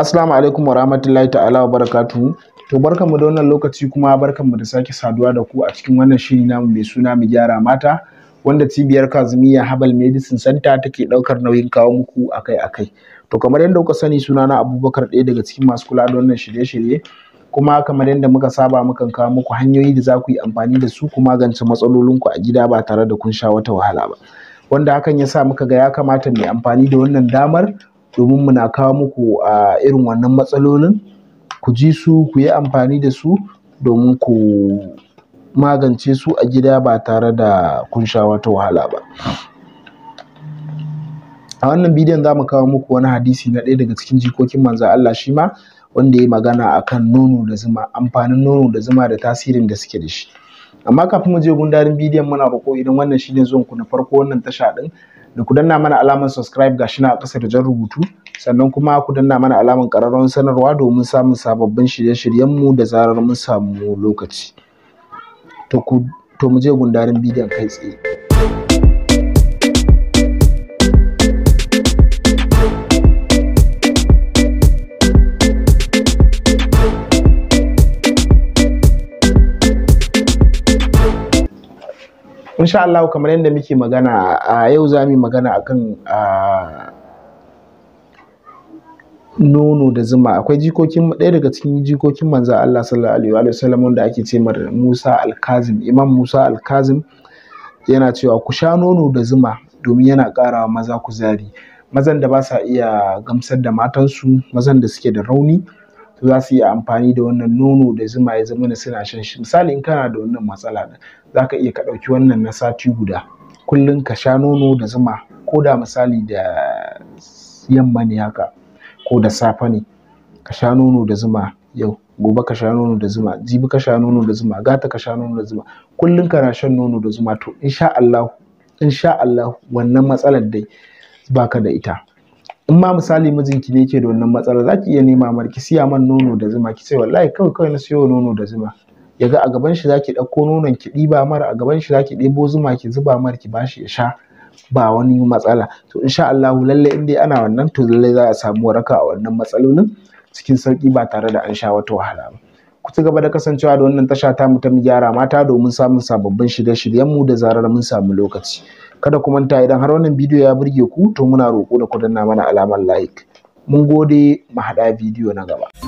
Assalamu alaikum wa rahmatullahi ta'ala wa barakatuhu. To barkanmu da wannan lokaci kuma barkanmu da sake saduwa da ku a cikin wannan shiri namu mai suna mu gyara mata wanda cibiyar Kazumiya Herbal Medicine Center take daukar nauyin kawo muku akai-akai. To kamar yadda kuka sani suna na Abubakar ɗaya daga cikin masu kula da wannan shirye-shirye kuma kamar yadda muka saba mukan kawo muku hanyoyi da za ku yi amfani da su ku magance matsalolinku a gida ba tare da kun sha wata wahala ba wanda hakan ya sa muka ga ya kamata mu yi amfani da wannan damar domin muna kawo muku a irin wannan matsalolin ku ji su ku yi amfani da su domin ku magance su a gida ba tare da kun sha wata wahala ba. A wannan bidiyon za mu kawo muku wani hadisi na ɗaya daga cikin jikokin manza Allah shi ma wanda ya magana a kan nono da zuma, amfanin nono da zuma da tasirin da suke da shi. Amma kafin mu je gundarin bidiyon muna roƙo idan wannan shi ne zuwanku na farko wannan tasha ɗin da ku danna mana alamar subscribe ga shi na a ƙasa da jan rubutu sannan kuma ku danna mana alamar ƙararrawar sanarwa domin samun sababbin shirye-shiryenmu da zarar mun samu lokaci to ku to mu je gundarin bidiyon kai tsaye insha Allah kamar yadda muke magana a yau za mu magana akan nono da zuma akwai jikokin ɗaya daga cikin jikokin manzo Allah sallallahu alaihi wa sallam wanda ake ce mar Musa al-Kazim Imam Musa al-Kazim yana cewa ku sha nono da zuma domin yana ƙara maza kuzari mazan da ba sa iya gamsar da matansu mazan da suke da rauni to za su iya amfani da wannan nono da zuma ya zama suna shan shi misali in kana da wannan matsala da za ka iya ka ɗauki wannan na sati guda kullum ka sha nono da zuma ko da misali da yamma ne haka ko da safe ne ka sha nono da zuma yau gobe ka sha nono da zuma jibi ka sha nono da zuma gata ka sha nono da zuma kullum kana shan nono da zuma to insha Allah Allah wannan matsalar dai baka da ita in ma misali mijinki ne yake da wannan matsala zaki ki iya nema mar ki siya man nono da zuma ki ce wallahi kawai kawai na siyo nono da zuma ya ga a gaban shi zaki ɗauko nonon ki ɗiba mara a gaban shi zaki ɗebo zuma ki zuba mara ki bashi ya sha ba wani matsala to insha Allah lallai in dai ana wannan to lallai za a samu waraka a wannan matsalolin cikin sauki ba tare da an sha wata wahala ba ku ci gaba da kasancewa da wannan tasha ta mu ta mu gyara mata domin samun sababbin shirye-shiryenmu da zarar mun samu lokaci kada ku manta idan har wannan bidiyo ya burge ku to muna roƙo da ku danna mana alamar like mun gode mu haɗa bidiyo na gaba